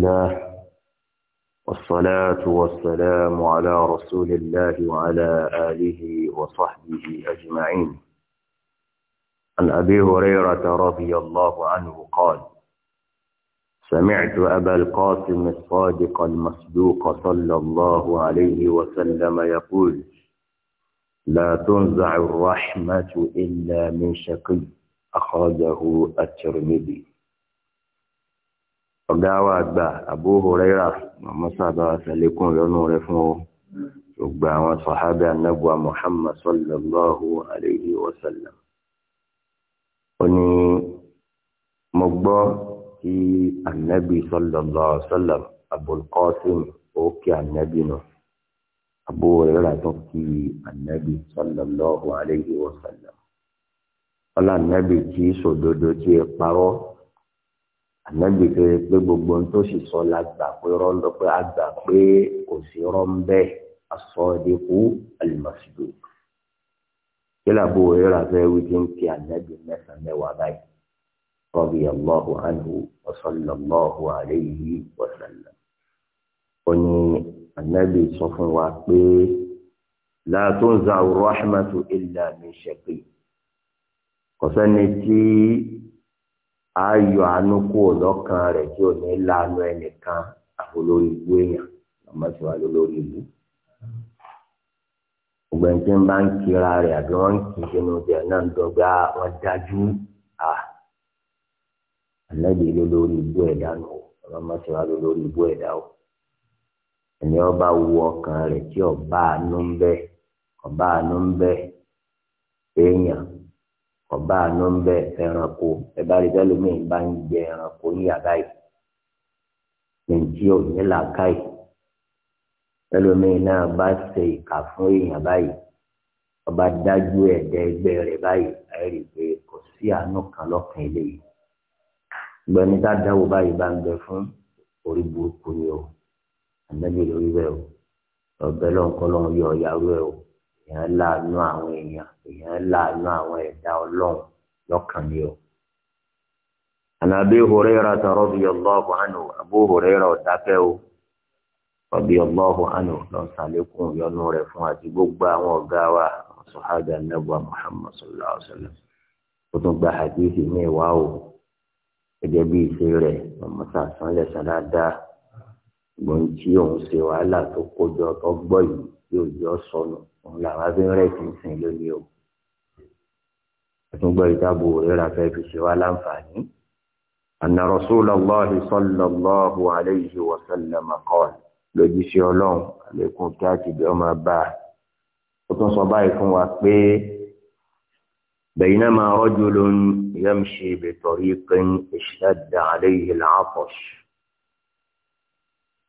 الله والصلاة والسلام على رسول الله وعلى آله وصحبه أجمعين عن أبي هريرة رضي الله عنه قال سمعت أبا القاسم الصادق المصدوق صلى الله عليه وسلم يقول لا تنزع الرحمة إلا من شقي أخرجه الترمذي ọ̀gá wa àgbà Abu Huraira màmá sábà sàlékún lọ́nà rẹ̀ fún ọ gbogbo àwọn sàhábẹ́ anábùa Muhammad sallallahu alayhi wa sallam. ó ní mo gbọ́ tí anábì sallallahu alayhi wa sallam Abul Qasim ó kí anábì náà Abu Huraira tó kí anábì sallallahu alayhi wa sallam. ọlá anábì tí sòdodo tí ẹ parọ́ ànábì tó yẹ pé gbogbo ohun tó sì sọ la gbà pé rọ́ńdọ pé a gbà pé kò sí rọ́ńbẹ́ asọ́dẹ́kù alimọ̀sídò kílà bó o yẹra fẹ́ wí kí n kí ànábì mẹ́sàn-án mẹ́wàá báyìí radiyallahu anhu wa sallallahu alayhi wa sallam. ó ní sọ fún wa pé la tunza'u rahmatu illa min shaqi kò sẹ́ni tí. á yọ àánú kúrò lọ́kàn rẹ̀ tí ò ní lanu ẹnìkan àfolórí ibú èèyàn ọmọ lórí ibú. tí ń bá ń kira rẹ̀ àbí wọ́n ń kí sínú náà ń dọ́gba ah, wọn dájú à ah. ànábì lórí ibú ẹ̀dá lórí o. ẹni ọba wu ọkàn rẹ̀ ọba àánú ń ọba àánú ń ọba àánú ń bẹ ẹranko ẹbá rí bẹ́ẹ̀ lómi ìbá ń jẹ ẹranko ní yàrá yìí nìjí ò ní làákà yìí ẹlòmíì náà bá ṣe ìkà fún èèyàn báyìí ọba dájú ẹ̀dẹ́ ẹgbẹ́ rẹ̀ báyìí ẹ̀rí pé kò sí àánú kan lọ́kàn eléyìí gbẹ̀ni tá báyìí bá ń bẹ fún orí burúkú ni o ànágbèrè orí rẹ o ọ̀bẹ lọ́nkọ́ lọ́n yọ ọ̀yà rẹ o èèyàn láàánú àwọn èèyàn èèyàn láàánú àwọn ẹ̀dá ọlọ́run lọ́kàn ni o. ànàbí hùrẹ́rà tọrọ bí ọlọ́ọ̀bù àánú àbú hùrẹ́rà ọ̀dákẹ́ o rọ̀bí ọlọ́ọ̀bù àánú lọ sàlékún ìyọnu rẹ̀ fún àti gbogbo àwọn ọ̀gá wa sọ̀hádà nàbà Muhammad sallallahu alayhi wa sallam ó tún gba hadithi ní ìwà o gẹ́gẹ́ bí ìṣe rẹ̀ mọ̀mọ́sá sanlẹ̀ sàdáadá gbọ̀n tí òun ṣe wàhálà tó kójọ tó gbọ́ yìí yóò jọ sọnù òun làwọn abẹ́rẹ́ ti ń sìn lónìí o ẹtùgbọ́ ìjábò rírà fẹ́ fi ṣe wá láǹfààní anna rasulallah sallallahu alayhi wa sallam qala lójúṣe ọlọ́run àlékún kí á ti bẹ ọmọ bá a ó tún sọ báyìí fún wa pé baynama rajulun yamshi bi tariqin ishtadda alayhi al-'atash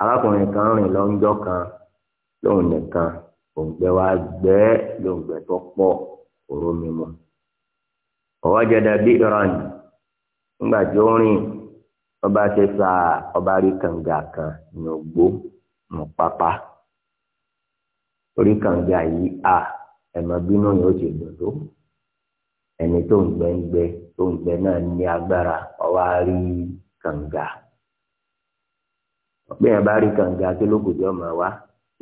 arákùnrin kan rìn lọ́njọ́ kan lóun nìkan òǹgbẹ wa gbẹ lóǹgbẹ tó pọ̀ òró mi mọ ọwọ jẹdà bí iran ńgbà tí ó rìn ọba ṣe sa ọba rí kànga kan ní ògbó ní pápá orí kànga yìí a ẹmọ bínú yóò ṣe dòdò ẹni tó ń gbẹ ń gbẹ tó ń gbẹ náà ní agbára ọwọ rí kànga bí ẹ bá rí kànga kí ló kù tí ọmọ wa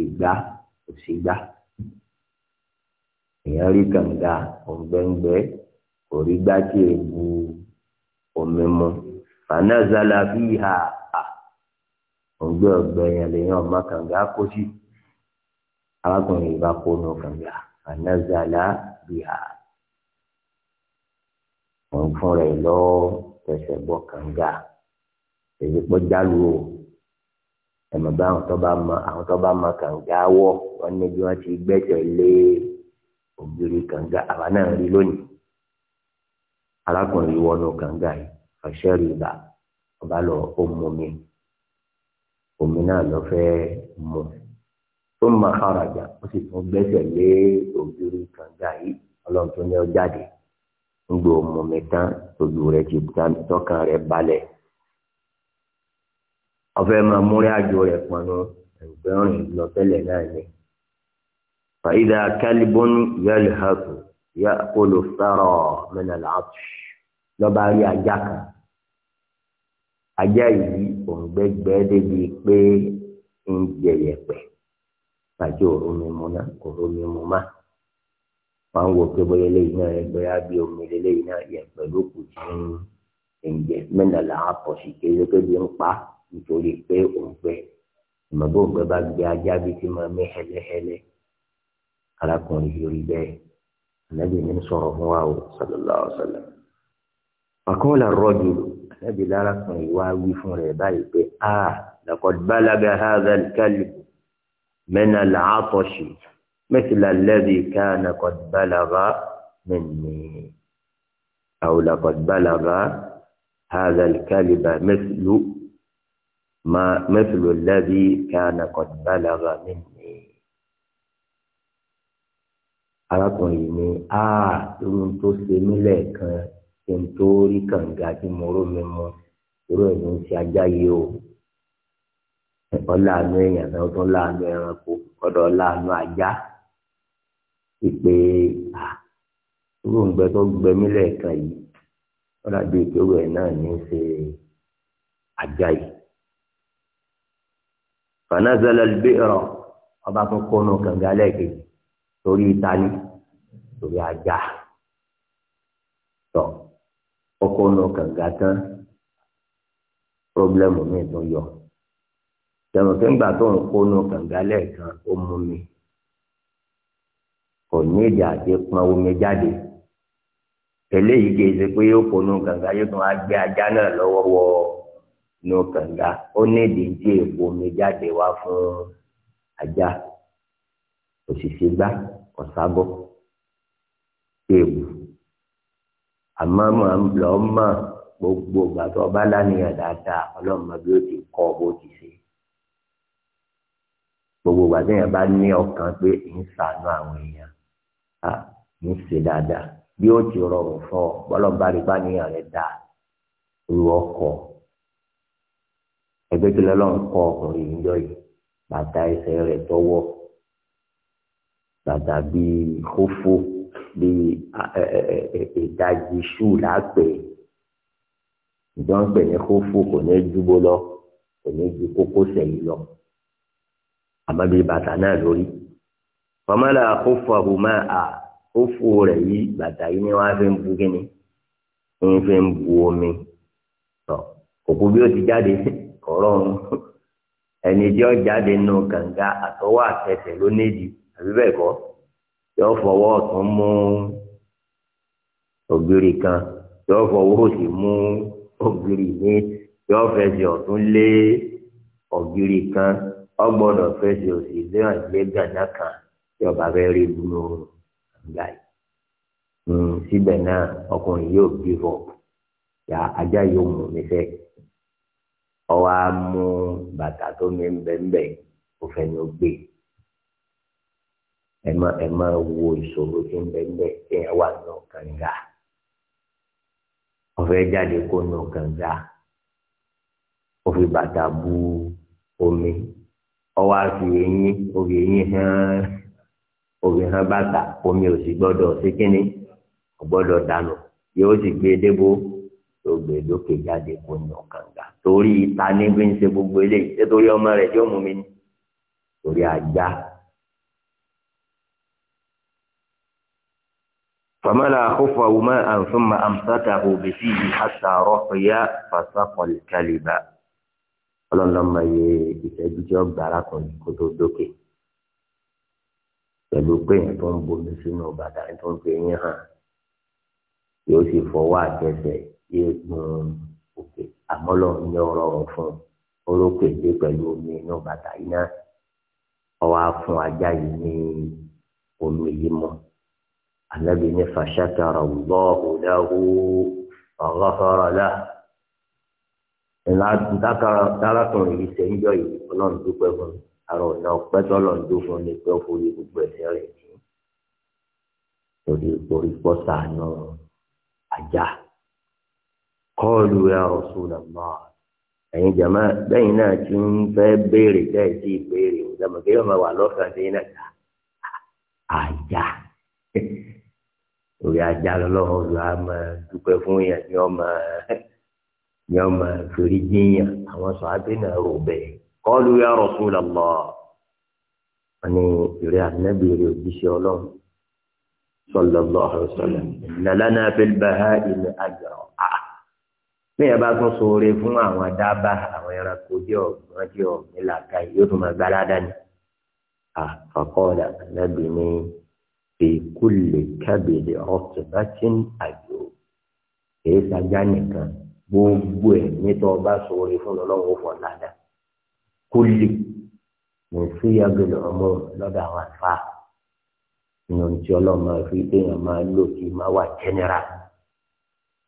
ìgbà kò sí gbá èèyàn rí kànga ọ̀gbẹ́ngbẹ́ kò rí gbá tí è bu omi mu fanazala fiha à ọ̀gbẹ́ ọ̀gbẹ́ yẹn lèyàn ọmọ kànga kó sí arákùnrin ìbá kó nu kànga fanazala fiha wọn fún rẹ lọ tẹsẹ̀ bọ kànga èyí pọ jálù o ẹ̀mọ̀ bá àwọn tó bá mọ àwọn tó bá mọ kànga wọ̀ wọ́n ní bí wọ́n ti gbẹ́sẹ̀ lé ògiri kànga àwa náà rí lónìí arákùnrin wọnú kànga yìí ọ̀ṣẹ́ rí ibà ọba lọ ó mú mi omi náà lọ fẹ́ mú tó ń ma farajà ó sì tún gbẹ́sẹ̀ lé ògiri kànga yìí ọlọ́run tó ní ọ jáde ń gbọ́ mú mi tán ojú rẹ̀ ti tán tọ́kàn rẹ̀ balẹ̀ ọ̀fẹ́ máa múrí àjò rẹ̀ pọnú ẹ̀gbẹ́rin lọ tẹ́lẹ̀ náà ni. fàyídà kálíbọ́n yẹ́lì hàkù yá kóló fẹ́rọ̀ mẹ́nàlá àtù lọ́ba rí ajá kan. ajá yìí òǹgbẹ́gbẹ́ débi pé ń jẹ yẹ̀pẹ̀ tàbí òru mímu náà òru mímu má wọn ń wo pé bóyá eléyìí náà ẹgbẹ́ yá bí omi eléyìí náà yẹ̀pẹ̀ ló kù sí ń jẹ mẹ́nàlá àpọ̀ sí kéré pé bí ń pa á nítorí pé òǹgbẹ ìmọ̀gbọ́n òǹgbẹ bá gbé ajá bíi ti máa mí hẹ́lẹ́hẹ́lẹ́ arákùnrin yìí rí bẹ́ẹ̀ ànábì ní sọ̀rọ̀ fún wa o sallallahu alaihi wasallam. faqala ar-rajul ànábì lárakùnrin wá wí fún rẹ̀ báyìí pé a ah, laqad balaga hadha al-kalb min al-'atash mithla alladhi kana qad balagha minni aw laqad balaga hadha al-kalb mithlu. ما مثل الذي كان قد بلغ مني arákùnrin yìí ni a irun tó ṣe mí lẹ́ẹ̀kan ṣe ń tó rí kànga tí mo ró mi mu irú ẹ̀ ló ń ajá yìí o ẹ̀kọ́ láàánú èèyàn náà tún láàánú ẹranko ọ̀dọ̀ láàánú ajá ìpè à irú òǹgbẹ tó gbẹ mí lẹ́ẹ̀kan yìí ó dàbí ìpéwẹ̀ náà ní í ṣe ajá yìí fanazala albi'ra ọba tó kónú kànga lẹ́ẹ̀kejì torí ìtali torí ajá tọ ọkónú kànga tán pírọ́blẹ́mù mi tó yọ tẹ̀wọ̀n kí n gbà tó ń kónú kànga lẹ́ẹ̀kan ó mú mi kò ní èdè àti pọn omi jáde eléyìí kì í ṣe pé ó kónú kànga yóò tún á gbé ajá náà lọ́wọ́ nù kànga ó ní ìdíje èpo omi jáde wá fún ajá òṣìṣẹ́ gbá ọ̀ságọ́ èèwù àmọ́ màá lọ́ mọ̀ gbogbo ìgbà tó ọba lánìyàn dáadáa ọlọ́mọ bí ó ti kọ́ bó ti ṣe gbogbo ìgbà tí èèyàn bá ní ọkàn pé ń ṣàánú àwọn èèyàn à ń ṣe dáadáa bí ó ti rọrùn fún ọ bọ́lọ́mbà rí bá níyàn rẹ dáa olùwọ́kọ̀ọ́ ẹgbẹ́ tí lọ́lọ́run kọ ọkùnrin yìí jọ yìí bàtà ẹsẹ̀ rẹ̀ tọwọ́ bàtà bíi kófó bíi ìdajì ṣù láàpẹ̀ ìjọ ń pè ní kófó kò ní júbó lọ kò ní ju kókósẹ̀ yìí lọ àmọ́ bíi bàtà náà lórí fọmọlá kófó àbùmá à kófó rẹ̀ yìí bàtà yìí ni wọ́n fi ń bu kíni ń fi ń bu omi òkú bí ó ti jáde ọ̀rọ̀ ń ẹni tí ó jáde nù gàǹgà àtọwọ́ àtẹsẹ̀ ló nídi àbí bẹ́ẹ̀ kọ́ yóò fọwọ́ ọ̀tún mú ògiri kan yóò fọwọ́ òsì mú ògiri ní yóò fẹsẹ̀ ọ̀tún lé ògiri kan ó gbọ́dọ̀ fẹsẹ̀ òsì lé àgbẹ̀ gàǹgà kan yóò bá fẹ́ rí ibùdó gàǹgà yìí hmm, síbẹ̀ náà ọkùnrin yóò give up. ya ajá yóò mú mi fẹ́ ọwọ́ á mú bàtà tó mi ń bẹ́ ń bẹ́ kó fẹ́ni ó gbé ẹ má ẹ má wo ìṣòro tó ń kéèyàn wà nù kànga ọ̀fẹ́ jáde kó nù kànga ó fi bàtà bu omi ọwọ́ á fi eyín ó fi eyín hàn ó hàn bàtà omi ò sì gbọ́dọ̀ sí kínní ọ̀gbọ́dọ̀ dànù yóò sì gbé débò tó gbé lókè jáde kó nù kànga torí ìta ní bí ń ṣe gbogbo eléyìí ṣé torí ọmọ rẹ̀ yóò mú mi ní torí ajá. فملا خفه ماء ثم أمسكه بفيه حتى رقي فسقى الكلب ọlọ́run ló mọ iye ìṣẹ́jú tí ó gbà arákùnrin kó tó dókè pẹ̀lú pé èèyàn tó ń bomi sínú bàtà tó ń pè yín hàn yóò sì fọwọ́ àtẹsẹ̀ yéé gun òkè àmọ́ lọ ní ọ̀rọ̀ ọ̀hún fún orókè dé pẹ̀lú omi inú bàtà yìí náà ọwọ́ á fún ajá yìí ní omi yìí mọ́ ànábì ní fàṣàkàrà lọ́ọ̀hùn dáhùn ọ̀rọ̀fọ̀rọ̀ là ìlà dákàràkùnrin yìí ṣe ń jọ yìí ọlọ́run fún ara ọ̀nà ọ̀pẹ́ tó lọ́n dún fún gbogbo ẹ̀sẹ̀ rẹ̀ jì torí orí pọ́sà náà ajá kọ́ọ̀lù ya Rasulullah ẹ̀yin jama bẹ́yìn náà ti ń fẹ́ béèrè bẹ́ẹ̀ sí ìbéèrè ìjàmọ̀ kí yóò máa wà lọ́kàn sí iná ta àjà orí ajá lọ́wọ́ ló á máa dúpẹ́ fún yẹn ni wọ́n máa ni wọ́n máa forí jíyàn àwọn sọ abẹ́ náà rò bẹ́ẹ̀ kọ́ọ̀lù ya Rasulullah wọn ni ìrẹ́ ànábìrẹ́ òjíṣẹ́ ọlọ́run sallallahu alaihi wasallam inna lana fil baha'im ajra bẹ́ẹ̀ bá tún sóore fún àwọn dábà àwọn ẹranko jẹ́ ọ̀gbọ́n jẹ́ ọ̀gbìn làkà yóò tún máa gbáládá ni. àfàkọ́ọ̀dà nàbì ní ìkúlẹ̀ kábìlì ọ̀sẹ̀ bá ti ń àjò èyí sàjá nìkan gbogbo ẹ̀ nítorí ọba sóore fún lọ́wọ́ fọ̀ ládàá. kúlẹ̀ ní síyàgbélé ọmọ lọ́dọ̀ àwọn àfa ìyọ̀ntì ọlọ́mọ fi téèyàn máa lò kí máa wà jẹ́nẹ́rà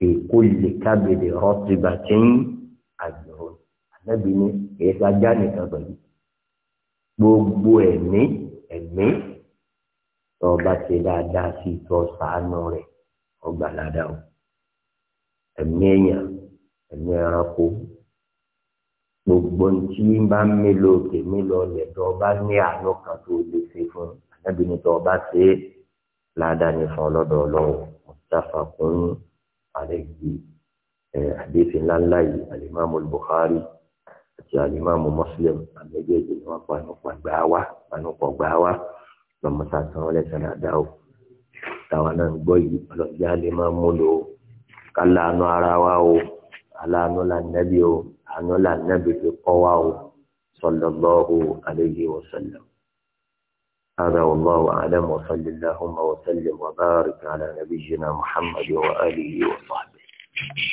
èkó lè kábèlè rọ́tìbà tí ń àgbèrò ànábì ní èyí tó ajá nìkan pẹ̀lú gbogbo ẹ̀mí ẹ̀mí tó o bá ṣe dáadáa sí tó o sàánú rẹ̀ ọgbà ládàá o ẹ̀mí èèyàn ẹ̀mí ẹranko gbogbo ntí bá mélòó tèmi lọ lẹ̀ tó o ní àánú kan tó lè ṣe fún ànábì ní tó o bá ládàá ní fún ọlọ́dọọlọ́wọ́ mustapha kún un àlẹ́gbẹ́ àdéhùn ńláńlá yìí alimami Bukhari àti alimami Muslim àmẹ́jẹ̀jẹ̀ ni wọ́n panupọ̀ gbá wa panupọ̀ gbá wa lọ́mọ́sá tán lẹ́sẹ̀ dáadáa o táwọn náà ń gbọ́ yìí ọlọ́jà lè máa mú lò ó kálá àánú ara wa o aláàánú là nẹ́bí o àánú là fi kọ́ wa o sallallahu alayhi wa sallam. هذا والله أعلم وصل اللهم وسلم وبارك على نبينا محمد وآله وصحبه